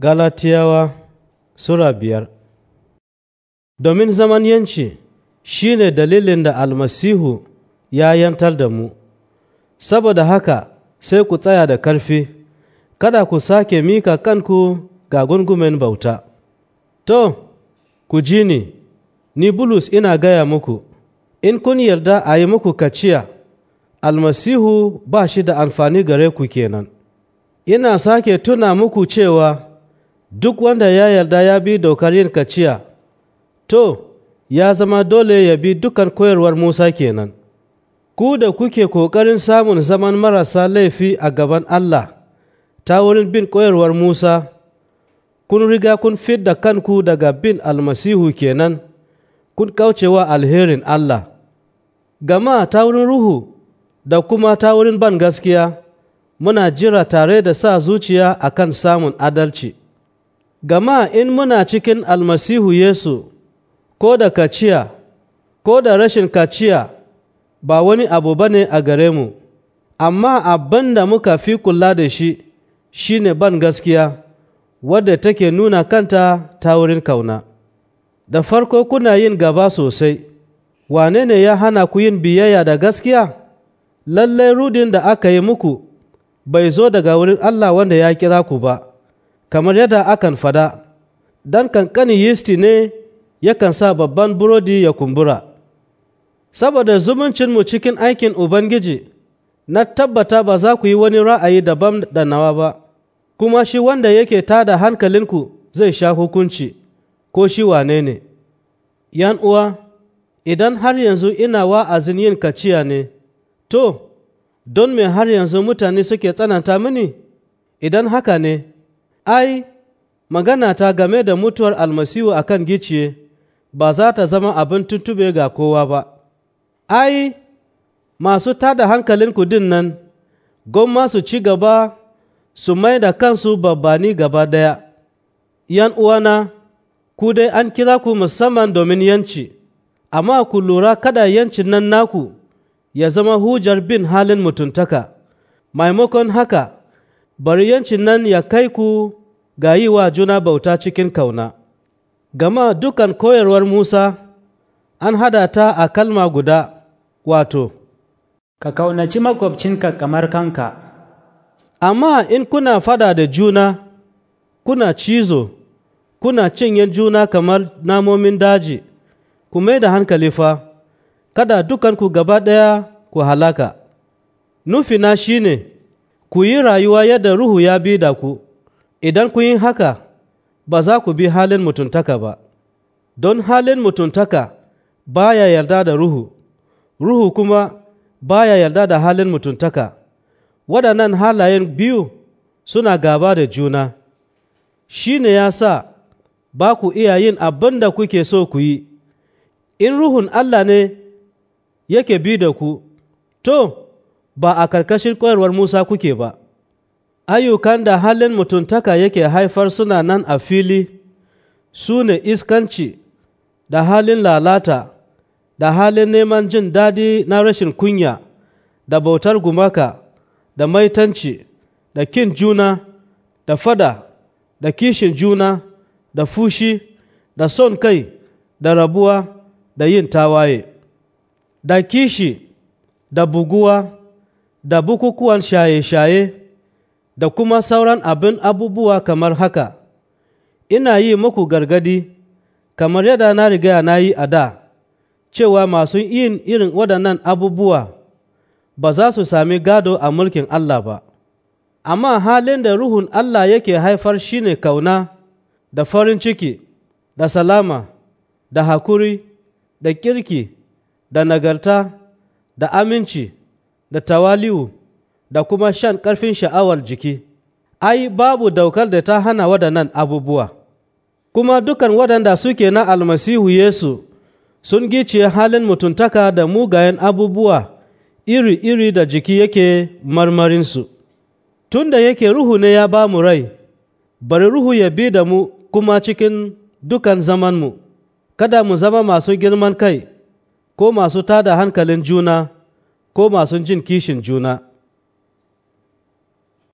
Galatiyawa Sura biyar Domin zaman yanci shi ne dalilin da almasihu ya yantar da mu, saboda haka sai ku tsaya da ƙarfi, kada ku sake mika kanku ga gungumen bauta. To, ku ji ni, ni Bulus ina gaya muku, in kun yarda a yi muku kaciya, almasihu ba shi da amfani gare ku kenan. Ina sake tuna muku cewa duk wanda ya yarda ya bi dokar yin kaciya to ya zama dole ya bi dukan koyarwar Musa kenan ku da kuke ƙoƙarin samun zaman marasa laifi a gaban Allah ta wurin bin koyarwar Musa kun riga kun fidda kanku daga bin almasihu kenan kun kaucewa alherin Allah gama ta wurin ruhu da kuma ta wurin ban gaskiya muna jira tare da sa zuciya akan samun adalci Gama in muna cikin almasihu Yesu, ko da kaciya, ko da rashin kaciya, ba wani abu ba ne a gare mu, amma abin da muka fi kula da shi shi ne ban gaskiya, wadda take nuna kanta ta wurin kauna. Da farko kuna yin gaba sosai, wane ne ya hana ku yin biyayya da gaskiya? Lallai rudin da aka yi muku bai zo daga wurin Allah wanda ya kira ku ba. kamar yadda akan fada dan kankanin yisti ne yakan sa babban burodi ya kumbura saboda zumuncinmu cikin aikin ubangiji na tabbata ba za ku yi wani ra'ayi daban da nawa ba kuma shi wanda yake tada hankalinku zai sha hukunci ko shi wane ne yan uwa idan har yanzu ina wa'azin yin kaciya ne to don me har yanzu mutane suke tsananta mini idan haka ne ai, magana ta game da mutuwar almasihu a kan giciye ba za ta zama abin tuntube ga kowa ba, ai, masu tada hankalin kudin nan, goma su ci gaba su mai da kansu babbani gaba ɗaya. ‘yan uwana, ku dai an kira ku musamman domin yanci, amma ku lura kada yancin nan naku ya zama hujar bin halin mutuntaka, maimakon haka. bari yancin nan ya kai ku ga yi wa juna bauta cikin kauna, gama dukan koyarwar Musa an hada ta a kalma guda, wato, Ka kaunaci makwabcinka kamar kanka. Amma in kuna fada da juna, kuna cizo, kuna cinye juna kamar namomin daji, ku mai da hankali fa, kada dukanku gaba ɗaya ku halaka. Nufina shi ne, ku yi rayuwa yadda ruhu ya bi da ku idan ku yi haka ba za ku bi halin mutuntaka ba don halin mutuntaka baya yarda da ruhu ruhu kuma baya yarda da halin mutuntaka waɗannan halayen biyu suna gaba da juna shi ne ya sa ba ku iya yin abin da kuke so ku yi in ruhun Allah ne yake bi da ku to ba a karkashin koyarwar Musa kuke ba, ayyukan da halin mutuntaka yake haifar suna nan a fili su ne iskanci da halin lalata, da halin neman jin daɗi na rashin kunya, da bautar gumaka, da maitanci, da kin juna, da fada, da kishin juna, da fushi, da son kai, da rabuwa, da yin tawaye, da kishi, da buguwa. da bukukuwan shaye-shaye da kuma sauran abin abubuwa kamar haka, ina yi muku gargadi kamar yadda na riga na yi a da, cewa masu yin irin waɗannan abubuwa ba za su sami gado a mulkin Allah ba, amma halin da Ruhun Allah yake haifar shine kauna da farin ciki da salama da hakuri da kirki da nagarta da aminci. da tawali'u da kuma shan ƙarfin sha'awar jiki, ai, babu daukar da ta hana waɗannan abubuwa, kuma dukan waɗanda suke na almasihu Yesu sun gice halin mutuntaka da mugayen abubuwa iri-iri da jiki yake marmarinsu. tunda yake Ruhu ne ya ba mu rai, bari Ruhu ya bi da mu kuma cikin dukan zamanmu, kada mu zama masu girman kai ko masu tada hankalin juna. ko masu jin kishin juna